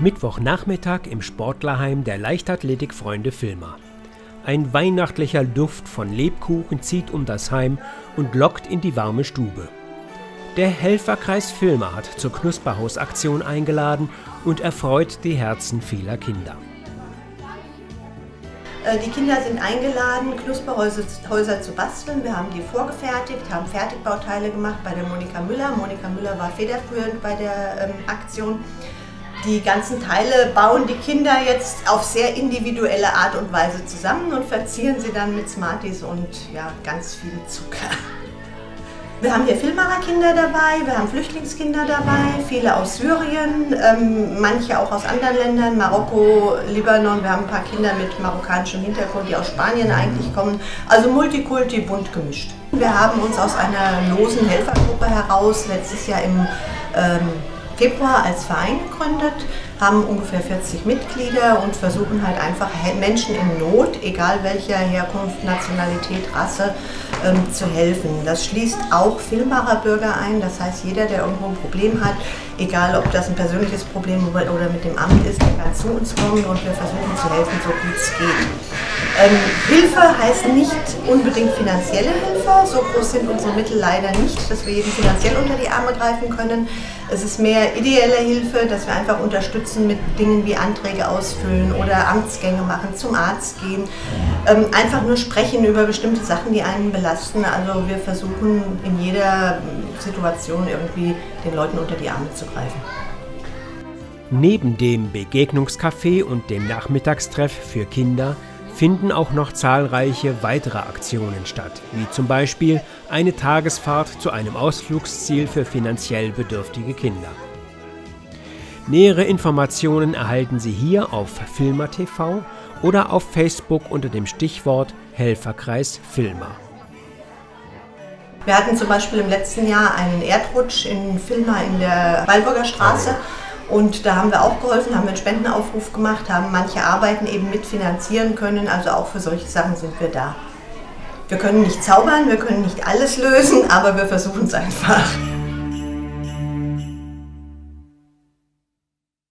Mittwochnachmittag im Sportlerheim der Leichtathletikfreunde Filmer. Ein weihnachtlicher Duft von Lebkuchen zieht um das Heim und lockt in die warme Stube. Der Helferkreis Filmer hat zur Knusperhausaktion eingeladen und erfreut die Herzen vieler Kinder. Äh, die Kinder sind eingeladen, Knusperhäuser zu basteln. Wir haben die vorgefertigt, haben Fertigbauteile gemacht bei der Monika Müller. Monika Müller war federführend bei der ähm, Aktion die ganzen Teile bauen die Kinder jetzt auf sehr individuelle Art und Weise zusammen und verzieren sie dann mit Smarties und ja, ganz viel Zucker. Wir haben hier Filmmacherkinder dabei, wir haben Flüchtlingskinder dabei, viele aus Syrien, ähm, manche auch aus anderen Ländern, Marokko, Libanon. Wir haben ein paar Kinder mit marokkanischem Hintergrund, die aus Spanien eigentlich kommen. Also Multikulti, bunt gemischt. Wir haben uns aus einer losen Helfergruppe heraus letztes Jahr im ähm, Februar als Verein gegründet, haben ungefähr 40 Mitglieder und versuchen halt einfach Menschen in Not, egal welcher Herkunft, Nationalität, Rasse, ähm, zu helfen. Das schließt auch Filmmacherbürger ein, das heißt jeder, der irgendwo ein Problem hat, egal ob das ein persönliches Problem oder mit dem Amt ist, der kann zu uns kommen und wir versuchen zu helfen, so gut es geht. Ähm, Hilfe heißt nicht unbedingt finanzielle Hilfe, so groß sind unsere Mittel leider nicht, dass wir jeden finanziell unter die Arme greifen können, es ist mehr ideelle Hilfe, dass wir einfach unterstützen mit Dingen wie Anträge ausfüllen oder Amtsgänge machen, zum Arzt gehen, ähm, einfach nur sprechen über bestimmte Sachen, die einen belasten. Also wir versuchen in jeder Situation irgendwie den Leuten unter die Arme zu greifen. Neben dem Begegnungskaffee und dem Nachmittagstreff für Kinder finden auch noch zahlreiche weitere Aktionen statt, wie zum Beispiel eine Tagesfahrt zu einem Ausflugsziel für finanziell bedürftige Kinder. Nähere Informationen erhalten Sie hier auf Filmer TV oder auf Facebook unter dem Stichwort Helferkreis Filmer. Wir hatten zum Beispiel im letzten Jahr einen Erdrutsch in Filmer in der Walburger Straße. Oh. Und da haben wir auch geholfen, haben einen Spendenaufruf gemacht, haben manche Arbeiten eben mitfinanzieren können. Also auch für solche Sachen sind wir da. Wir können nicht zaubern, wir können nicht alles lösen, aber wir versuchen es einfach.